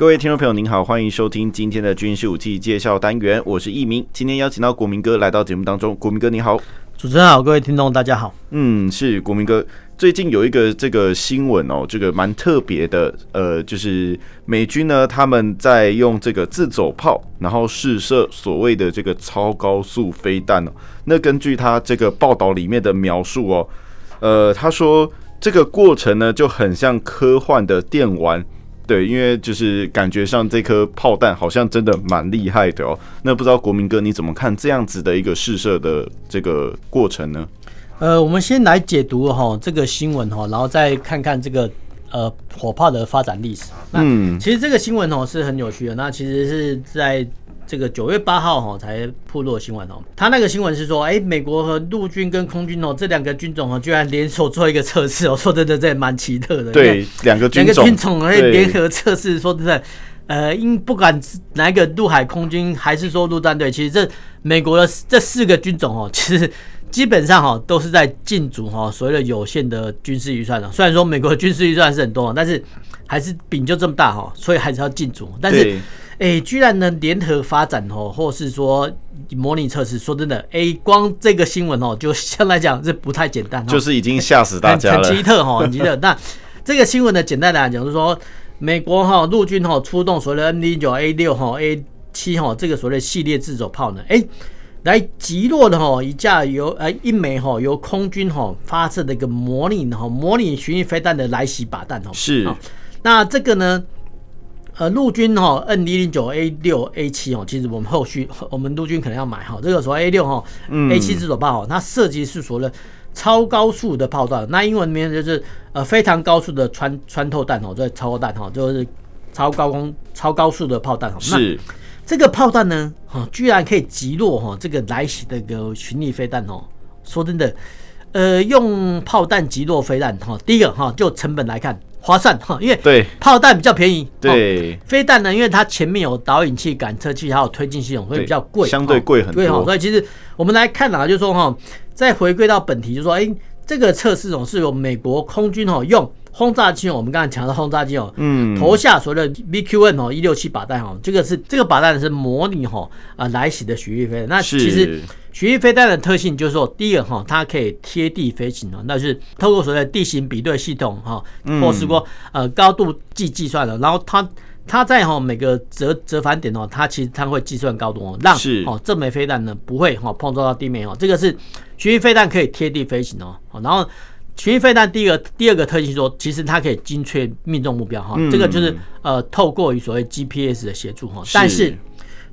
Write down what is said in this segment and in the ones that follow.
各位聽眾朋友，您好，歡迎收聽今天的軍事武器介紹單元，我是易明。今天邀請到國民哥來到節目當中，國民哥你好，主持人好，各位聽眾大家好。嗯，是國民哥。最近有一個這個新聞哦，這個蠻特別的，呃，就是美軍呢他們在用這個自走炮，然後試射所謂的這個超高速飛彈哦。那根據他這個報道裡面的描述哦，呃，他說這個過程呢就很像科幻的電玩。對，因為就是感覺上這顆炮彈好像真的蠻厲害的哦。那不知道國民哥你怎麼看這樣子的一個試射的這個過程呢？呃，我們先來解讀哈這個新聞哈，然後再看看這個呃火炮的發展歷史。那、嗯、其實這個新聞哈是很有趣的。那其實是在。這個九月八號哈才披露的新聞哦，他那個新聞是說，哎、欸，美國和陸軍跟空軍哦這兩個軍種哦居然聯手做一個測試哦，說真的這蠻奇特的。對，兩個軍種兩個聯、欸、合測試，說真的，呃，因不管哪一個陸海空軍還是說陸戰隊，其實這美國的這四個軍種哦，其實基本上哈都是在競逐哈所謂的有限的軍事預算的。雖然說美國的軍事預算是很多，但是還是餅就這麼大哈，所以還是要競逐，但是。哎、欸，居然能聯合發展哦，或是說模擬測試？說真的，哎、欸，光這個新聞哦，就相來講是不太簡單。就是已經嚇死大家了。很、欸、奇特哈，很 奇特。那這個新聞呢，簡單來講是說，美國哈陸軍哈出動所謂的 M D 九 A 六哈 A 七哈這個所謂的系列自走炮呢，哎、欸，來擊落的哈一架由，一架由呃一枚哈由空軍哈發射的一個模擬哈模擬巡弋飛彈的來襲靶彈哦。是。那這個呢？呃，陸軍哈，M 一零九 A 六 A 七哦，其實我們後續我們陸軍可能要買哈、喔，這個時候 A 六哈，A 七自走砲哈，它設計是說了超高速的炮彈，那英文名就是呃非常高速的穿穿透彈哦，這超彈哈，就是超高空超高速的炮彈、喔。是這個炮彈呢，哈，居然可以擊落哈、喔、這個來襲的個巡弋飛彈哦，說真的，呃，用炮彈擊落飛彈哈，第一個哈就成本來看。划算哈，因為對炮彈比較便宜，對、哦、飛彈呢，因為它前面有導引器、感測器，還有推進系統，會比較貴、哦，相對貴很多。哈，所以其實我們來看啊，就是說哈，再回歸到本題，就是說哎、欸，這個測試哦，是由美國空軍哦用轟炸機，我們剛才講到轟炸機哦，嗯，投下所謂的 BQM 哦，一六七靶彈哦，這個是這個靶彈是模擬哈啊來襲的巡弋飛，那其實。巡弋飛彈的特性就是說，第一個哈，它可以貼地飛行哦，那就是透過所謂地形比對系統哈，或是說呃高度計計算的、嗯，然後它它在哈每個折折返點哦，它其實它會計算高度哦，讓哦這枚飛彈呢不會哈碰撞到地面哦，這個是巡弋飛彈可以貼地飛行哦，然後巡弋飛彈第一個第二個特性說，其實它可以精確命中目標哈、嗯，這個就是呃透過於所謂 GPS 的協助哈，但是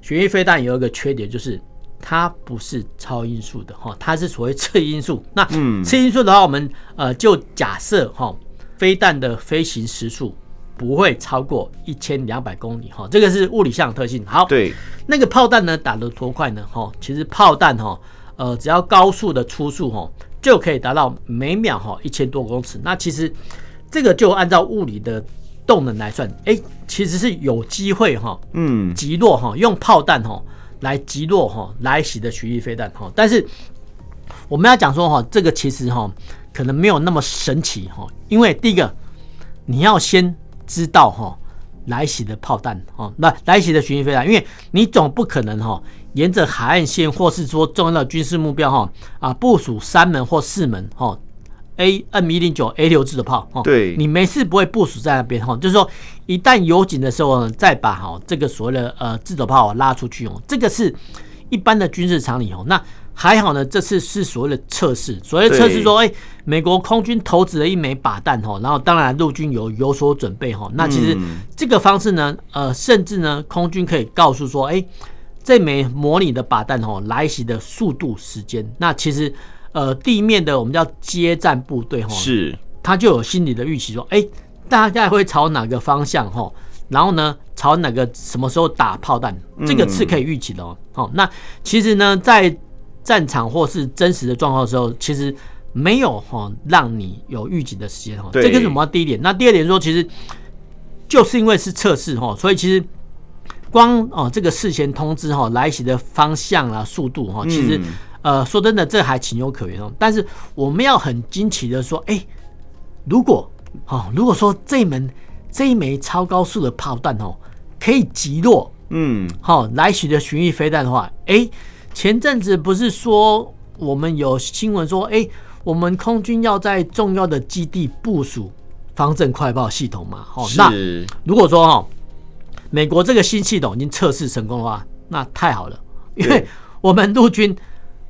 巡弋飛彈有一個缺點就是。它不是超音速的哈，它是所謂次音速。那嗯，次音速的話，我、嗯、們呃就假設哈、呃呃，飛彈的飛行時速不會超過一千兩百公里哈、呃，這個是物理上的特性。好，對，那個炮彈呢打得多快呢哈、呃？其實炮彈哈，呃，只要高速的初速哈、呃呃，就可以達到每秒哈一千多公尺。那其實這個就按照物理的動能來算，誒、欸，其實是有機會哈、呃，嗯，擊落哈，用炮彈哈。呃來擊落哈來襲的巡弋飛彈哈，但是我們要講說哈，這個其實哈可能沒有那麼神奇哈，因為第一個你要先知道哈來襲的炮彈哈，不來襲的巡弋飛彈，因為你總不可能哈沿着海岸線或是說重要的軍事目標哈啊部署三門或四門哈。A M 一零九 A 六自走砲，哦，對，你沒事不會部署在那邊哈，就是說一旦有警的時候呢，再把哈這個所謂的呃自走砲拉出去哦。這個是一般的軍事常理哦。那還好呢，這次是所謂的測試，所謂的測試說，哎、欸，美國空軍投擲了一枚靶彈哈，然後當然陸軍有有所準備哈。那其實這個方式呢，呃，甚至呢，空軍可以告訴說，哎、欸，這枚模擬的靶彈哈來襲的速度時間，那其實。呃，地面的我們叫接戰部隊哈，是，他就有心理的預期說，哎、欸，大概會朝哪個方向哈，然後呢，朝哪個什麼時候打炮彈、嗯，這個是可以預警的哦，哦。那其實呢，在戰場或是真實的狀況時候，其實沒有哈、哦，讓你有預警的時間哈。對，這個是我們第一點。那第二點說，其實就是因為是測試哈，所以其實光哦這個事前通知哈、哦，來襲的方向啊，速度哈、哦，其實。嗯呃，說真的，這還情有可原哦。但是我們要很驚奇的說，誒、欸，如果，哦、如果說這門這一枚超高速的炮彈哦，可以擊落嗯，好、哦、來襲的巡弋飛彈的話，誒、欸，前陣子不是說我們有新聞說，誒、欸，我們空軍要在重要的基地部署方陣快砲系統嘛？好、哦，那如果說哈、哦，美國這個新系統已經測試成功的話，那太好了，因為我們陸軍。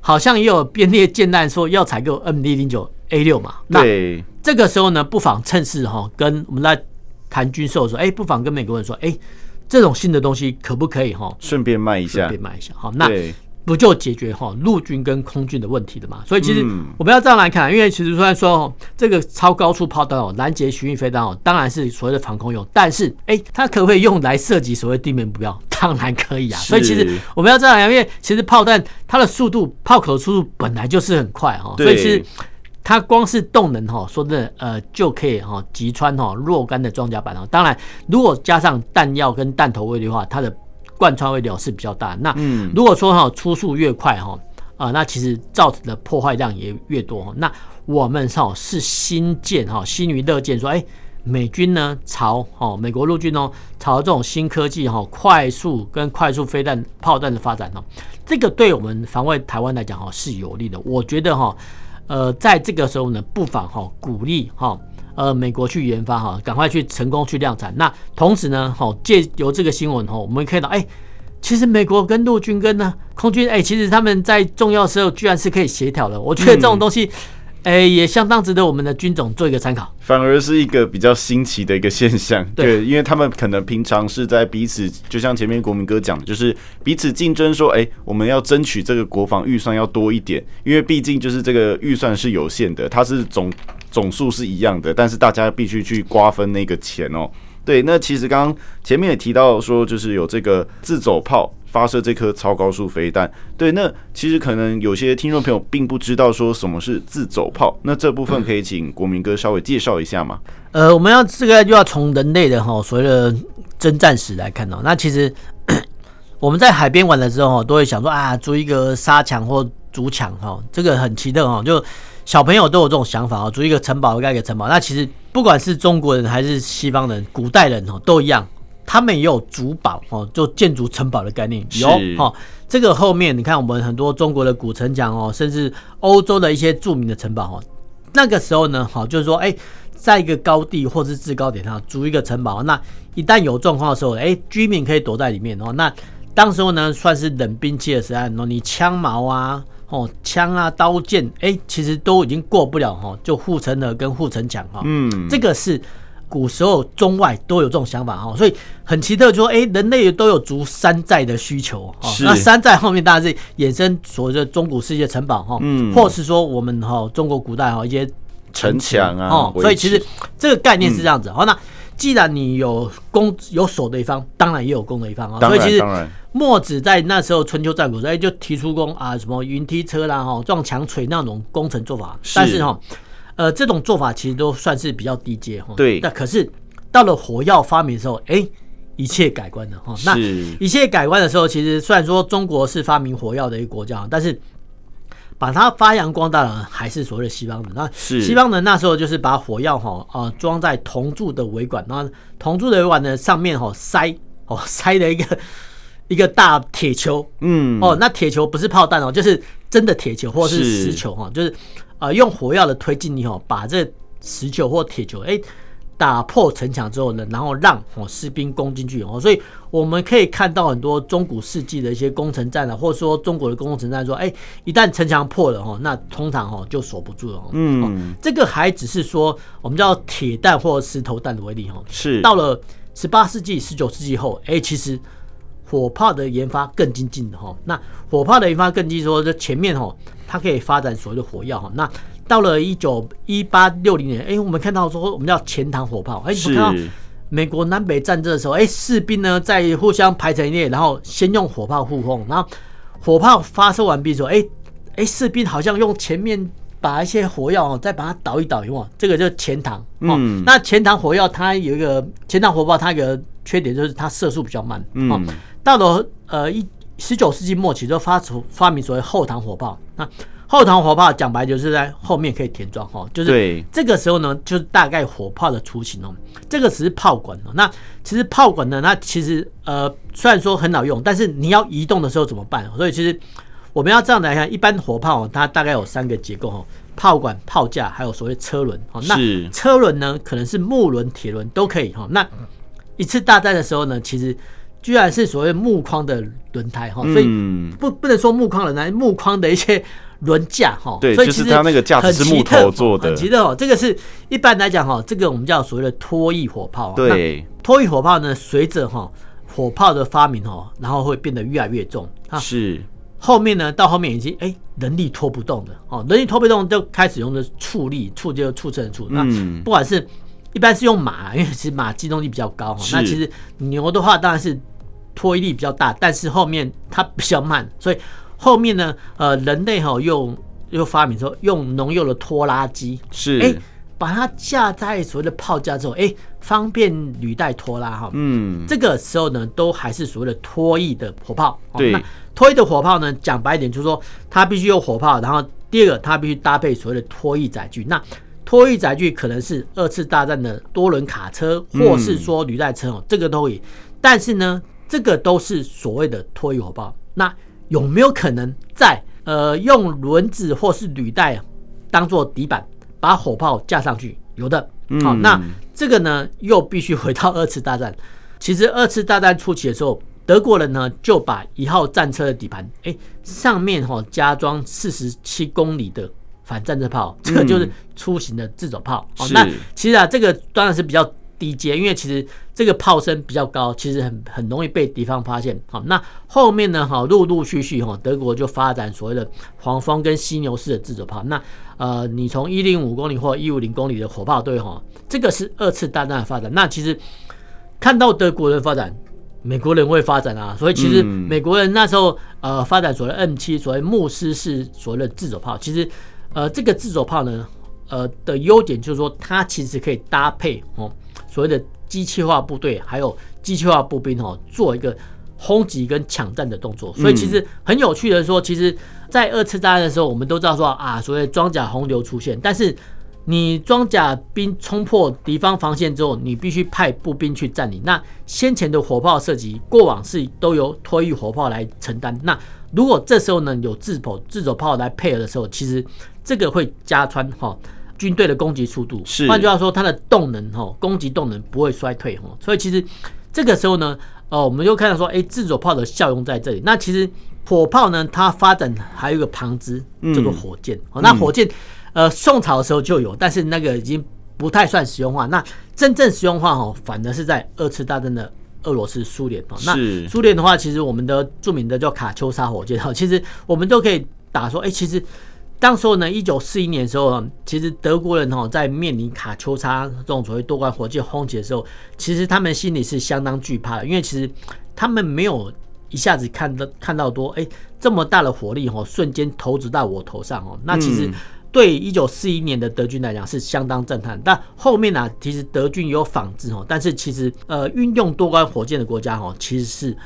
好像也有編列建案說要採購 M D 零九 A 六嘛，對，那這個時候呢，不妨趁勢哈，跟我們來談軍售的時候，誒、欸，不妨跟美國人說，誒、欸，這種新的東西可不可以哈，順便賣一下，順便賣一下，好，那。不就解決哈陸軍跟空軍的問題的嘛？所以其實，我們要這樣來看，因為其實雖然說這個超高速炮彈哦，攔截巡弋飛彈哦，當然是所謂的防空用，但是哎、欸，它可不可以用來射擊所謂地面目標？當然可以啊。所以其實，我們要這樣來看，因為其實炮彈它的速度，炮口速度本來就是很快哈，所以其實它光是動能哈，說真的呃就可以哈擊穿哈若干的裝甲板啊。當然，如果加上彈藥跟彈頭威力的話，它的貫穿威力是比較大。那如果說哈出速越快哈啊、嗯呃，那其實造成的破壞量也越多。那我們哈是新建哈新於樂見，說、欸、誒，美軍呢朝哈美國陸軍呢朝這種新科技哈快速跟快速飛彈炮彈的發展哦，這個對我們防衛台灣來講哈是有利的。我覺得哈呃在這個時候呢，不妨哈鼓勵哈。呃，美國去研發哈，趕快去成功去量產。那同時呢，好借由這個新聞哈，我們可以看到哎、欸，其實美國跟陸軍跟呢空軍，哎、欸，其實他們在重要的時候居然是可以協調的。我覺得這種東西，哎、嗯欸，也相當值得我們的軍種做一個參考。反而是一個比較新奇的一個現象，對，對，因為他們可能平常是在彼此，就像前面國民哥講，的，就是彼此競爭說，說、欸、哎，我們要爭取這個國防預算要多一點，因為畢竟就是這個預算是有限的，它是總。總數是一樣的，但是大家必須去瓜分那個錢哦、喔。對，那其實剛剛前面也提到說，就是有這個自走炮發射這顆超高速飛彈。對，那其實可能有些聽眾朋友並不知道說什麼是自走炮那這部分可以請國民哥稍微介紹一下嗎？呃，我們要這個就要從人類的哈所謂的征戰史來看哦。那其實我們在海邊玩的時候都會想說啊，做一個沙牆或竹牆哈，這個很奇特哈，就。小朋友都有這種想法哦，築一個城堡，蓋一個城堡。那其實不管是中國人還是西方人，古代人哦都一樣，他們也有築堡哦，就建築城堡的概念。有、哦、這個後面你看我們很多中國的古城牆哦，甚至歐洲的一些著名的城堡哦，那個時候呢就是說哎、欸，在一個高地或是制高點上築一個城堡，那一旦有狀況的時候，哎、欸，居民可以躲在裡面哦。那當時候呢算是冷兵器的時代，你槍矛啊。哦，槍啊，刀劍，哎、欸，其實都已經過不了哈、哦，就護城河跟護城牆哈、哦。嗯，這個是古時候中外都有這種想法哈、哦，所以很奇特就，就說哎，人類都有足山寨的需求哈、哦。那山寨後面，大家是衍生所謂的中古世界城堡哈，嗯，或是說我們哈、哦、中國古代哈一些城牆啊，哦，所以其實這個概念是這樣子。嗯、好，那。既然你有攻有守的一方，當然也有攻的一方啊。所以其實墨子在那時候春秋戰國時候就提出攻啊，什麼雲梯車啦，哈，撞牆錘那種工程做法。是但是哈，呃，這種做法其實都算是比較低階。對。那可是到了火藥發明的時候，哎、欸，一切改觀的哈。那一切改觀的時候，其實雖然說中國是發明火藥的一個國家，但是。把它發揚光大了，啊，還是所謂的西方人？那西方人那時候就是把火藥哈、啊裝在銅柱的尾管，那銅柱的尾管呢，上面哈、哦、塞、哦塞了一個一個大鐵球，嗯哦，那鐵球不是炮彈哦，就是真的鐵球或是石球哈哦，就是啊、呃、用火藥的推進力哦，把這石球或鐵球哎。欸打破城牆之後呢，然後讓士兵攻進去哦，所以我們可以看到很多中古世紀的一些攻城戰啊，或者說中國的攻城戰，說、欸、哎，一旦城牆破了，那通常就守不住了。嗯，這個還只是說我們叫鐵彈或石頭彈的威力。到了十八世紀、十九世紀後，哎、欸，其實火炮的研發更精進的。那火炮的研發更精進，說前面它可以發展所謂的火藥哈。那到了一九一八六零年，哎、欸，我們看到說我們叫前膛火炮，哎、欸，你看到美國南北戰爭的時候，哎、欸，士兵呢在互相排成一列，然後先用火炮互轟，然後火炮發射完畢之後，哎、欸、哎、欸，士兵好像用前面把一些火藥、哦、再把它倒一倒一這個叫前膛、哦。嗯，那前膛火藥它有一個前膛火炮，它有一個缺點就是它射速比較慢。嗯、哦，到了呃一十九世紀末期就發出發明所謂後膛火炮，那、啊。後膛火炮講白就是在後面可以填裝哈，就是這個時候呢，就是大概火炮的雛形哦。這個只是炮管哦。那其實炮管呢，那其實呃，雖然說很好用，但是你要移動的時候怎麼辦？所以其實我們要這樣來看，一般火炮它大概有三個結構哈：炮管、炮架，還有所謂車輪哈。那車輪呢，可能是木輪、鐵輪都可以哈。那一次大戰的時候呢，其實居然是所謂木框的輪胎哈，所以不不能說木框輪胎，木框的一些。輪架哈，對，所以其實很奇特，就是它那個架子是木頭做的，很奇特，哦，很奇特哦。這個是一般來講哈、哦，這個我們叫所謂的拖曳火炮。對，拖曳火炮呢，隨着哈火炮的發明哈、哦，然後會變得越來越重啊。是。後面呢，到後面已經哎、欸、人力拖不動的哦，人力拖不動就開始用的畜力，畜就畜、是、牲的畜。那、嗯、不管是一般是用馬，因為其實馬機動力比較高哈。那其實牛的話當然是拖曳力比較大，但是後面它比較慢，所以。後面呢？呃，人類哈用又,又發明說用農用的拖拉機是哎、欸，把它架在所謂的炮架之後，哎、欸，方便履帶拖拉哈。嗯，這個時候呢，都還是所謂的拖曳的火炮。對，那拖曳的火炮呢，講白一點就是說，它必須有火炮，然後第二個它必須搭配所謂的拖曳載具。那拖曳載具可能是二次大戰的多輪卡車，或是說履帶車哦、嗯，這個都可以。但是呢，這個都是所謂的拖曳火炮。那有沒有可能在呃用輪子或是履帶當做底板，把火炮架上去？有的，好、嗯哦，那這個呢又必須回到二次大戰。其實二次大戰初期的時候，德國人呢就把一號戰車的底盤、欸，上面、哦、加裝四十七公里的反戰車炮，這個就是初型的自走炮。好、嗯哦，那其實啊，這個當然是比較。底階，因為其實這個砲身比較高，其實很很容易被敵方發現。好，那後面呢？好，陸陸續續哈，德國就發展所謂的黃蜂跟犀牛式的自走砲。那呃，你從一零五公里或一五零公里的火炮隊哈，這個是二次大戰的發展。那其實看到德國人發展，美國人會發展啊。所以其實美國人那時候、嗯、呃，發展所謂 M 七，所謂牧師式所謂的自走砲。其實呃，這個自走砲呢。呃的優點就是說，它其實可以搭配哦所謂的機械化部隊，還有機械化步兵哦做一個轟擊跟搶占的動作。所以其實很有趣的說，其實，在二次大戰的時候，我們都知道說啊，所謂裝甲洪流出現，但是你裝甲兵衝破敵方防線之後，你必須派步兵去占領。那先前的火炮射擊，過往是都由拖曳火炮來承擔。那如果這時候呢有自炮、自走炮來配合的時候，其實這個會加穿哈。軍隊的攻擊速度，換句話說，它的動能哈，攻擊動能不會衰退哈，所以其實這個時候呢，哦，我們就看到說，哎、欸，自走炮的效用在這裡。那其實火炮呢，它發展還有一個旁支叫做火箭、嗯。那火箭，呃，宋朝的時候就有，但是那個已經不太算實用化。那真正實用化哈，反而是在二次大戰的俄羅斯蘇聯。那蘇聯的話，其實我們的著名的叫卡秋莎火箭。哈，其實我們都可以打說，哎、欸，其實。當時候呢，一九四一年的時候，其實德國人哦，在面臨卡秋莎這種所謂多管火箭轟擊的時候，其實他們心裡是相當懼怕的，因為其實他們沒有一下子看到看到多哎、欸、這麼大的火力哦，瞬間投擲到我頭上哦。那其實對一九四一年的德軍來講是相當震撼。但後面呢、啊，其實德軍有仿製哦，但是其實呃，運用多管火箭的國家哦，其實是。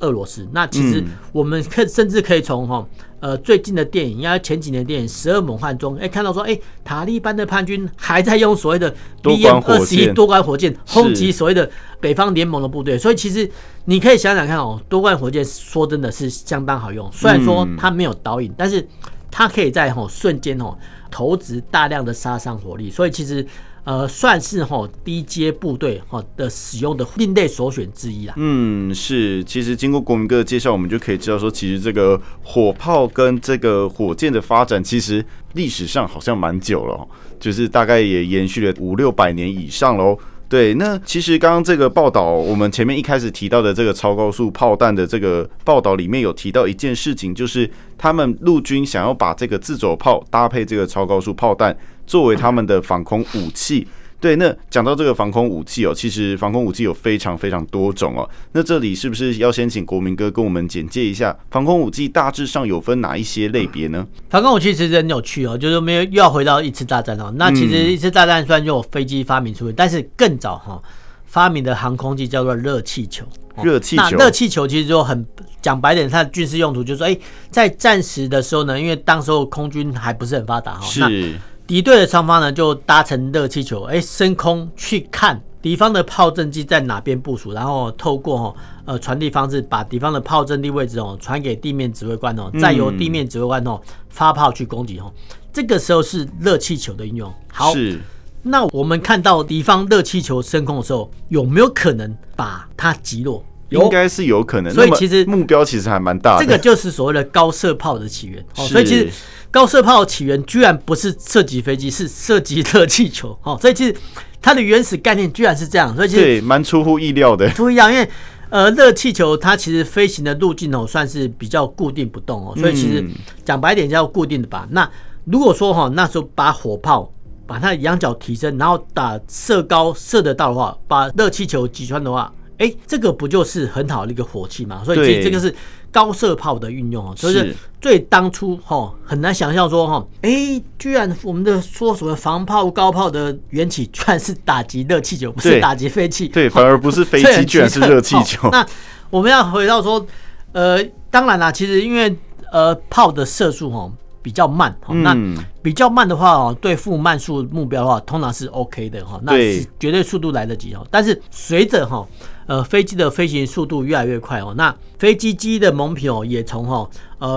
俄羅斯，那其實我們甚至可以從哈、哦嗯、呃最近的電影，因為前幾年的電影《十二猛漢》中、欸，看到說、欸，塔利班的叛軍還在用所謂的 BM-21 多管火箭轟擊所謂的北方聯盟的部隊，所以其實你可以想想看哦，多管火箭說真的是相當好用，雖然說它沒有導引，嗯、但是它可以在吼、哦、瞬間吼、哦。投擲大量的殺傷火力，所以其實，呃，算是吼、哦、低階部隊吼的使用的另類首選之一啊。嗯，是，其實經過國民哥的介紹，我們就可以知道說，其實這個火炮跟這個火箭的發展，其實歷史上好像蠻久了，就是大概也延續了五六百年以上嘍。對，那其實剛剛這個報道，我們前面一開始提到的這個超高速炮彈的這個報道裡面有提到一件事情，就是他們陸軍想要把這個自走炮搭配這個超高速炮彈，作為他們的防空武器。對，那講到這個防空武器哦，其實防空武器有非常非常多種哦。那這裡是不是要先請國民哥跟我們簡介一下防空武器大致上有分哪一些類別呢？防空武器其實很有趣哦，就是沒有又要回到一次大戰哦。那其實一次大戰雖然就有飛機發明出來，嗯、但是更早哈、哦、發明的航空器叫做熱氣球。熱氣球，熱氣球其實就很講白點，它的軍事用途就是說，哎，在戰時的時候呢，因為當時候空軍還不是很發達哈、哦。是。敵對的雙方呢，就搭乘熱氣球，誒、欸、升空去看敵方的炮陣地在哪邊部署，然後透過哦呃傳遞方式把敵方的炮陣地位置哦傳給地面指揮官哦，再由地面指揮官哦、嗯、發炮去攻擊哦。這個時候是熱氣球的應用。好，是。那我們看到敵方熱氣球升空的時候，有沒有可能把它擊落？應該是有可能。所以其實目標其實還蠻大的。這個就是所謂的高射炮的起源。哦、所以其實。高射炮的起源居然不是射擊飛機，是射擊熱氣球。哦，所以其實它的原始概念居然是這樣，所以其實對，蠻出乎意料的。不一樣，因為呃，熱氣球它其實飛行的路徑哦，算是比較固定不動哦，所以其實講白一點叫固定的吧。嗯，那如果說哈，那時候把火炮把它仰角提升，然後打射高射得到的話，把熱氣球擊穿的話。哎、欸，這個不就是很好的一個火器嘛？所以這個是高射炮的運用哦，以、就是最當初哈很難想象說哈，哎、欸，居然我們的說什麼防炮高炮的緣起，居然是打擊熱氣球，不是打擊飛機，對，反而不是飛機， 居然是熱氣球、哦。那我們要回到說，呃，當然啦，其實因為呃炮的射速哈比較慢、嗯，那比較慢的話哦，對付慢速目標的話，通常是 OK 的哈，那是絕對速度來得及哦。但是隨着哈。呃，飛機的飛行速度越來越快哦。那飛機機翼的蒙皮哦，也從哈、哦、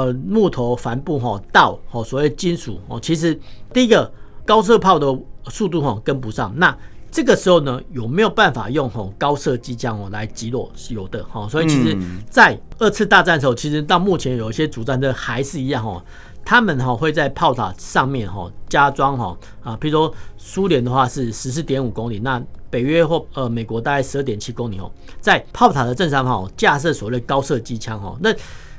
呃木頭帆布哈、哦、到哈、哦、所謂金屬哦。其實第一個高射炮的速度哈、哦、跟不上。那這個時候呢，有沒有辦法用哈、哦、高射機槍哦來擊落？是有的哈、哦。所以其實，在二次大戰的時候，嗯、其實到目前有一些主戰車還是一樣哈、哦。他們哈會在炮塔上面哈加裝哈啊，譬如說蘇聯的話是十四點五公里，那北約或呃美國大概十二點七公里哦，在炮塔的正上方架設所謂高射機槍哦，那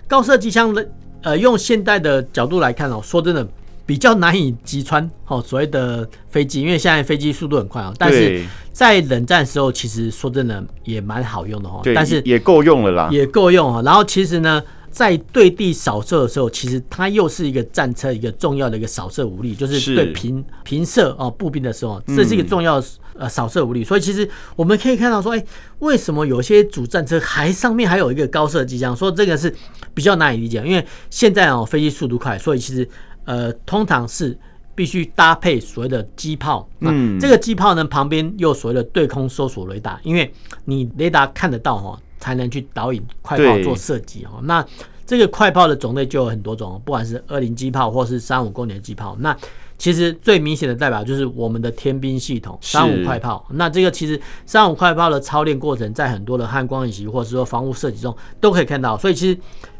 高射機槍的呃用現代的角度來看哦，說真的比較難以擊穿哦所謂的飛機，因為現在飛機速度很快啊，但是在冷戰的時候其實說真的也蠻好用的哦，對，但是也夠用了啦，也夠用啊，然後其實呢。在對地掃射的時候，其實它又是一個戰車一個重要的一個掃射武力，就是對平平射哦步兵的時候，這是一個重要、嗯、呃掃射武力。所以其實我們可以看到說，誒、欸，為什麼有些主戰車還上面還有一個高射機槍？說這個是比較難以理解，因為現在啊、哦、飛機速度快，所以其實呃通常是必須搭配所謂的機炮。嗯，這個機炮呢旁邊又所謂的對空搜索雷達，因為你雷達看得到哈、哦。才能去導引快炮做射擊哈，那這個快炮的種類就有很多種，不管是二零機炮或是三五公里的機炮。那其實最明顯的代表就是我們的天兵系統三五快炮。那這個其實三五快炮的操練過程，在很多的漢光演習或者是說防務設計中都可以看到。所以其實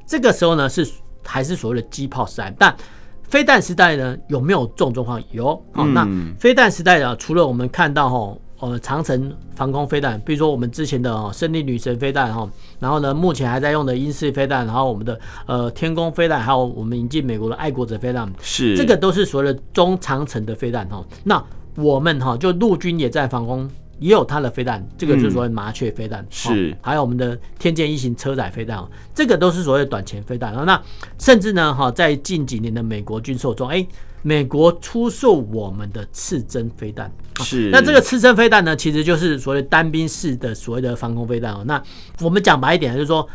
這個時候呢，是還是所謂的機炮時代。但飛彈時代呢，有沒有這種狀況？有好，嗯、那飛彈時代啊，除了我們看到哈。呃，長程防空飛彈，比如說我們之前的哈勝利女神飛彈，然後呢，目前還在用的鷹式飛彈，然後我們的呃天弓飛彈，還有我們引進美國的愛國者飛彈，是這個都是所謂的中長程的飛彈哈。那我們哈就陸軍也在防空，也有它的飛彈，這個就是所謂麻雀飛彈、嗯，是還有我們的天劍一型車載飛彈，這個都是所謂的短程飛彈。然後那甚至呢哈，在近幾年的美國軍售中，誒、欸。美國出售我們的刺針飛彈，是那這個刺針飛彈呢，其實就是所謂單兵式的所謂的防空飛彈哦。那我們講白一點，就是說，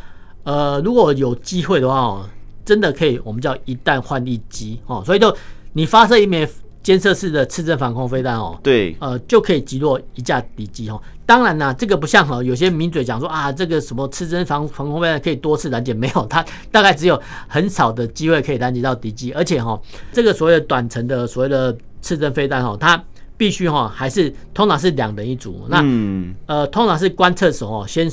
呃，如果有機會的話哦，真的可以，我們叫一彈換一機哦。所以就你發射一枚。監測式的刺針防空飛彈哦，對，呃，就可以擊落一架敵機哦。當然啦、啊，這個不像哈、哦，有些名嘴講說啊，這個什麼刺針防防空飛彈可以多次攔截，沒有，它大概只有很少的機會可以攔截到敵機，而且哈、哦，這個所謂的短程的所謂的刺針飛彈哦，它必須哈、哦，還是通常是兩人一組，那、嗯、呃，通常是觀測時候先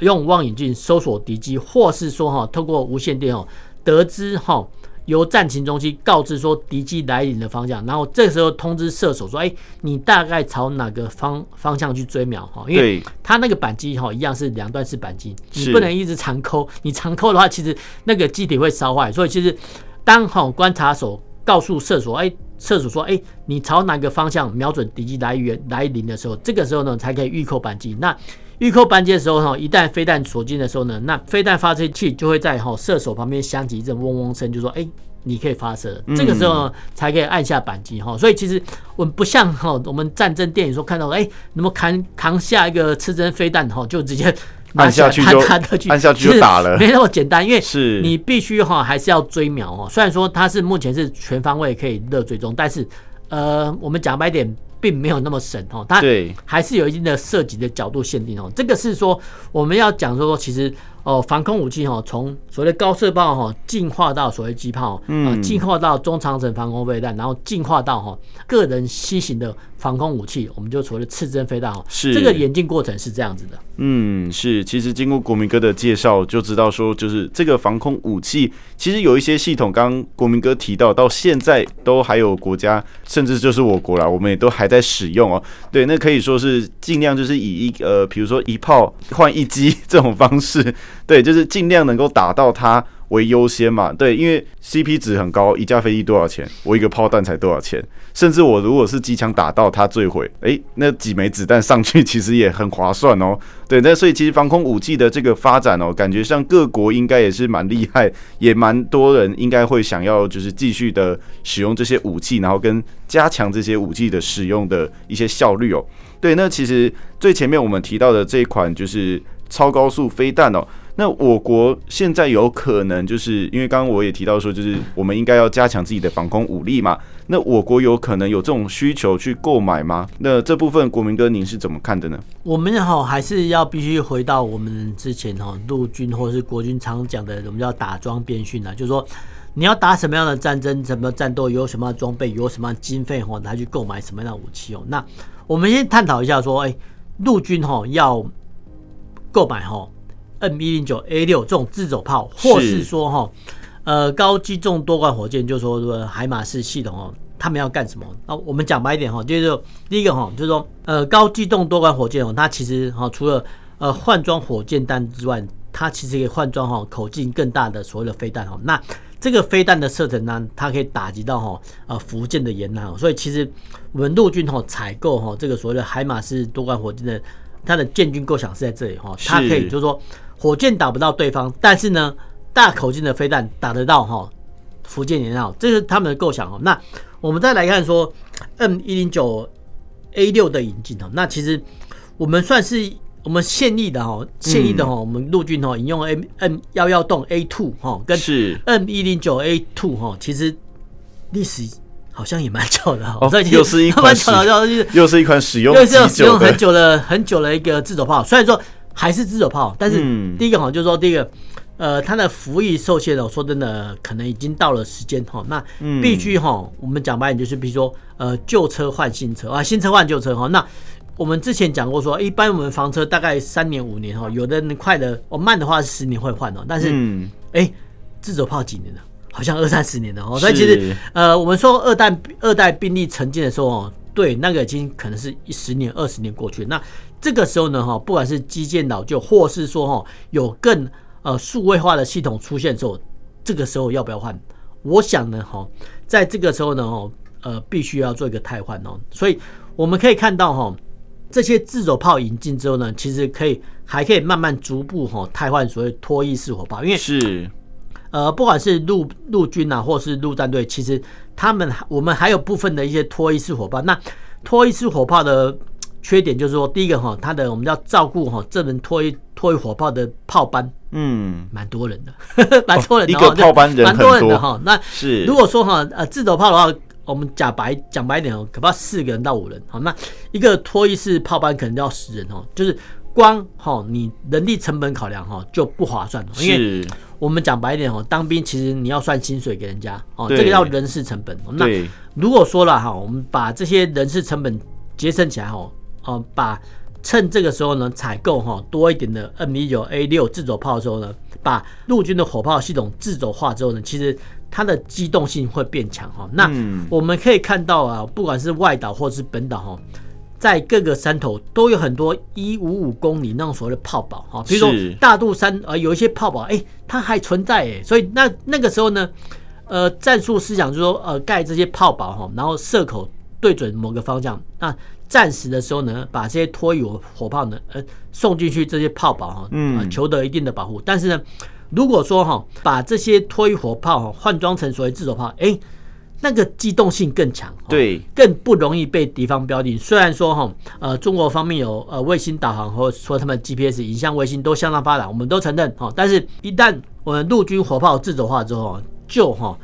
用望遠鏡搜索敵機，或是說哈、哦，透過無線電哦，得知哈、哦。由戰情中心告知說敵機來臨的方向，然後這時候通知射手說：“誒、欸，你大概朝哪個方方向去追瞄？”哈，因為他那個扳機哈一樣是兩段式扳機，你不能一直長扣，你長扣的話其實那個機體會燒壞。所以其實當哈、喔、觀察手告訴射手：“誒、欸，射手說：誒、欸，你朝哪個方向瞄準敵機來源來臨的時候，這個時候呢才可以預扣扳機。”那預扣扳機的時候哈，一旦飛彈鎖定的時候呢，那飛彈發射器就會在哈射手旁邊響起一陣嗡嗡聲，就是、說哎、欸，你可以發射，嗯、這個時候才可以按下扳機哈。所以其實我們不像哈我們戰爭電影說看到哎，那、欸、麼扛扛下一個刺針飛彈哈，就直接下按下去就下去按下去就打了，沒那麼簡單，因為是你必須哈還是要追瞄哈。雖然說它是目前是全方位可以熱追蹤，但是呃，我們講白一點。並沒有那麼神哦，但還是有一定的設計的角度限定哦。這個是說我們要講說，其實哦，防空武器哦，從所謂的高射炮哈進化到所謂機炮，嗯，進化到中長程防空飛彈，然後進化到哈個人新型的防空武器，我們就除了刺針飛彈哦，是，這個演進過程是這樣子的。嗯，是，其實經過國民哥的介紹，就知道說，就是這個防空武器，其實有一些系統，剛國民哥提到，到現在都還有國家，甚至就是我國啦，我們也都還在使用哦。對，那可以說是儘量就是以一呃，比如說一炮換一擊這種方式，對，就是儘量能夠打到它。為優先嘛，對，因為 CP 值很高，一架飛機多少錢？我一個炮彈才多少錢？甚至我如果是機槍打到它墜毀，誒、欸，那幾枚子彈上去其實也很划算哦。對，那所以其實防空武器的這個發展哦，感覺像各國應該也是蠻厲害，也蠻多人應該會想要就是繼續的使用這些武器，然後跟加強這些武器的使用的一些效率哦。對，那其實最前面我們提到的這一款就是超高速飛彈哦。那我國現在有可能就是因為剛剛我也提到說，就是我們應該要加強自己的防空武力嘛。那我國有可能有這種需求去購買嗎？那這部分國民哥您是怎麼看的呢？我們哈還是要必須回到我們之前哈陸軍或是國軍常講的，我們叫打裝編訓啊，就是說你要打什麼樣的戰爭、什麼戰鬥，有什麼裝備、有什麼樣的經費哦，拿去購買什麼樣的武器哦。那我們先探討一下說，誒、哎，陸軍哈要購買哈。M 109A6 這種自走炮是或是說哈，呃，高機動多管火箭，就是說這個海馬斯系統哦，他們要幹什麼？那我們講白一點哈，就是第一個哈，就是說，呃，高機動多管火箭哦，它其實哈，除了呃換裝火箭彈之外，它其實可以換裝哈口徑更大的所謂的飛彈哦。那這個飛彈的射程呢，它可以打擊到哈呃福建的沿海，所以其實我們陸軍哈採購哈這個所謂的海馬斯多管火箭的，它的建軍構想是在這裡哈，它可以就是說。火箭打不到對方，但是呢，大口徑的飛彈打得到哈。福建也好，這是他們的構想哦。那我們再來看說，M 一零九 A 六的引進哦。那其實我們算是我們現役的哦，現役的哦，我們陸軍哦，引用 M M 幺幺洞 A two 哈，跟 M 一零九 A two 哈，其實歷史好像也蠻久的哈、哦。又是一款蠻久的就、就是、又是一款使用又是一款使用很久了很久的一個自走炮，所以說。還是自走炮，但是第一個哈，就是說第一個、嗯，呃，它的服役受限了。我說真的，可能已經到了時間哈。那必須哈、嗯，我們講白點就是，比如說呃，舊車換新車啊，新車換舊車哈。那我們之前講過說，一般我們房車大概三年五年哈，有的人快的，哦，慢的話是十年會換哦。但是哎、嗯欸，自走炮幾年了？好像二三十年了哦。所以其實呃，我們說二代二代兵力沉浸的時候哦。對，那個已經可能是十年、二十年過去。那這個時候呢，哈，不管是基建老舊，或是說哈有更呃數位化的系統出現之後，這個時候要不要換？我想呢，哈，在這個時候呢，呃，必須要做一個汰換哦。所以我們可以看到哈，這些自走炮引進之後呢，其實可以還可以慢慢逐步哈汰換所謂拖曳式火炮，因為是。呃，不管是陸陸軍吶、啊，或是陸戰隊，其實他們我們還有部分的一些拖曳式火炮。那拖曳式火炮的缺點就是說，第一個哈，它的我們叫照顧哈，這門拖曳拖曳火炮的炮班，嗯，蠻多人的，蠻、哦、多人的哈，炮班人蠻多，多人的哈。那是如果說哈，呃，自走炮的話，我們講白講白一點哦，恐怕四個人到五人。好，那一個拖曳式炮班可能要十人哦，就是。光你人力成本考量，就不划算，因為我們講白一點，當兵其實你要算薪水給人家哦，這個叫人事成本。那如果說了哈，我們把這些人事成本節省起來，把趁這個時候呢採購多一點的 M109A6 自走炮之後呢，把陸軍的火炮系統自走化之後呢，其實它的機動性會變強。嗯，那我們可以看到啊，不管是外島或是本島在各個山頭都有很多一五五公里那種所謂的炮堡哈，比如說大肚山呃有一些炮堡哎、欸，它還存在哎，所以那那個時候呢，呃，戰術思想就是說呃蓋這些炮堡哈，然後射口對準某個方向，那戰時的時候呢，把這些拖曳火炮呢呃送進去這些炮堡哈，嗯、呃，求得一定的保護。嗯、但是呢，如果說哈把這些拖曳火炮哈換裝成所謂自走炮哎。欸那個機動性更強，對，更不容易被敵方標定。雖然說哈，呃，中國方面有呃衛星導航，或說他們 GPS 影像衛星都相當發達，我們都承認哈。但是，一旦我們陸軍火炮自主化之後，就哈，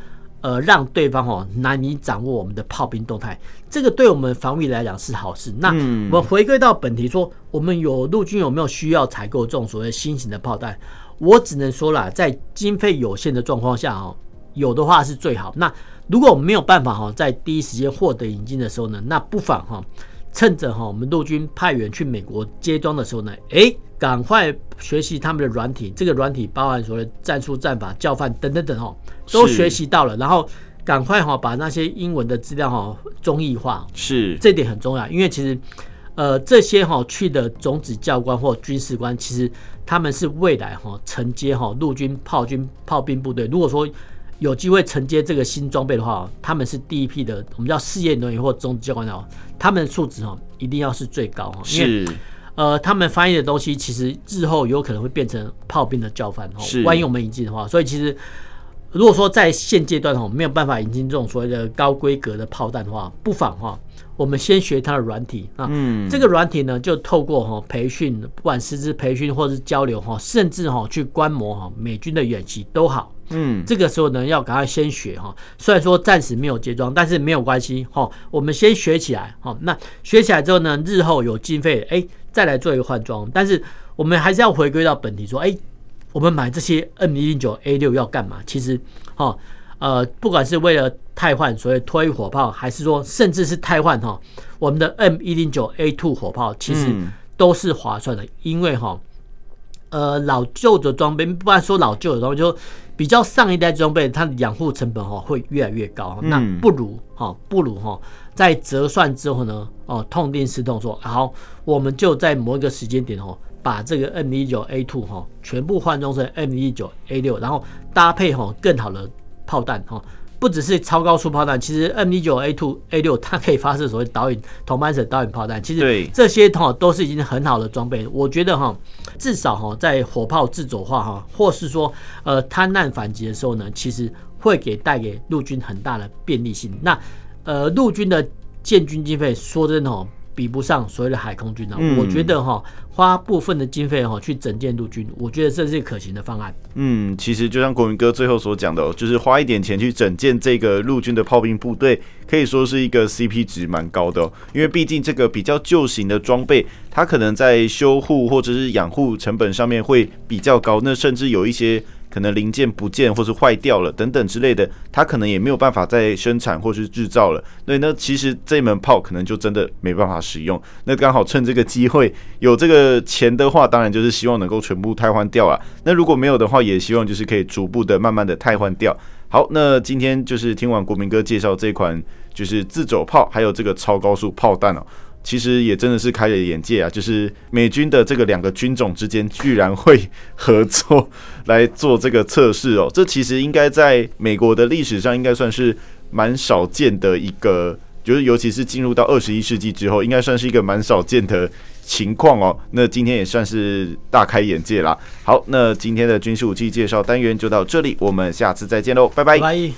呃，讓對方哈難以掌握我們的炮兵動態。這個對我們防禦來講是好事。嗯。那我們回歸到本題說，說我們有陸軍有沒有需要採購這種所謂新型的炮彈？我只能說了，在經費有限的狀況下，哈，有的話是最好。那如果我們沒有辦法哈，在第一時間獲得引進的時候呢，那不妨哈、啊，趁着哈我們陸軍派員去美國接裝的時候呢，誒，趕快學習他們的軟體，這個軟體包含所謂的戰術戰法、教範等等等哈，都學習到了，然後趕快哈把那些英文的資料哈中譯化，是這點很重要，因為其實，呃，這些哈去的種子教官或軍事官，其實他們是未來哈承接哈陸軍炮軍炮兵部隊，如果說。有機會承接這個新裝備的話，他們是第一批的，我們叫試驗人員或中教官哦。他們的素質哦，一定要是最高哈，因為是呃，他們翻譯的東西，其實日後有可能會變成炮兵的教範哈。萬一我們引進的話，所以其實如果說在現階段哈，沒有辦法引進這種所謂的高規格的炮彈的話，不妨哈，我們先學它的軟體啊。嗯，這個軟體呢，就透過哈培訓，不管師資培訓或者是交流哈，甚至哈去觀摩哈美軍的演習都好。嗯，這個時候呢，要趕快先學哈。雖然說暫時沒有接裝，但是沒有關係哈。我們先學起來哈。那學起來之後呢，日後有經費、欸，再來做一個換裝。但是我們還是要回歸到本題說，說、欸、我們買這些 M 一零九 A 六要幹嘛？其實、呃、不管是為了汰換，所以拖曳火炮，還是說甚至是汰換哈，我們的 M 一零九 A two 火炮，其實都是划算的。嗯、因為哈、呃，老舊的裝備，不然說老舊的東西就。比較上一代裝備，它的養護成本哈會越來越高，嗯、那不如哈，不如哈在折算之後呢哦，痛定思痛說好，我們就在某一個時間點哦把這個 M19A2 哈全部換裝成 M19A6，然後搭配哈更好的炮彈哈。不只是超高速炮彈，其實 M 一九 A two A 六它可以發射所謂導引同班射導引炮彈，其實這些哈都是已經很好的裝備。我覺得哈，至少哈在火炮自走化哈，或是說呃癱瘓反擊的時候呢，其實會給帶給陸軍很大的便利性。那呃陸軍的建軍經費，說真的、哦。比不上所謂的海空軍，啊嗯、我覺得哈，花部分的經費哈去整建陸軍，我覺得這是一個可行的方案。嗯，其實就像國民哥最後所講的，就是花一點錢去整建這個陸軍的炮兵部隊，可以說是一個 CP 值蠻高的，因為畢竟這個比較舊型的裝備，它可能在修護或者是養護成本上面會比較高，那甚至有一些。可能零件不見或是壞掉了等等之類的，它可能也沒有辦法再生產或是制造了。所以呢，那其實這門炮可能就真的沒辦法使用。那剛好趁這個機會，有這個錢的話，當然就是希望能夠全部汰換掉啊。那如果沒有的話，也希望就是可以逐步的、慢慢的汰換掉。好，那今天就是聽完國民哥介紹這款就是自走炮，還有這個超高速炮彈哦、喔。其實也真的是開了眼界啊！就是美軍的這個兩個軍種之間居然會合作來做這個測試哦，這其實應該在美國的歷史上應該算是蠻少見的一個，就是尤其是進入到二十一世紀之後，應該算是一個蠻少見的情況哦。那今天也算是大開眼界啦。好，那今天的軍事武器介紹單元就到這裡，我們下次再見嘍，拜拜。拜拜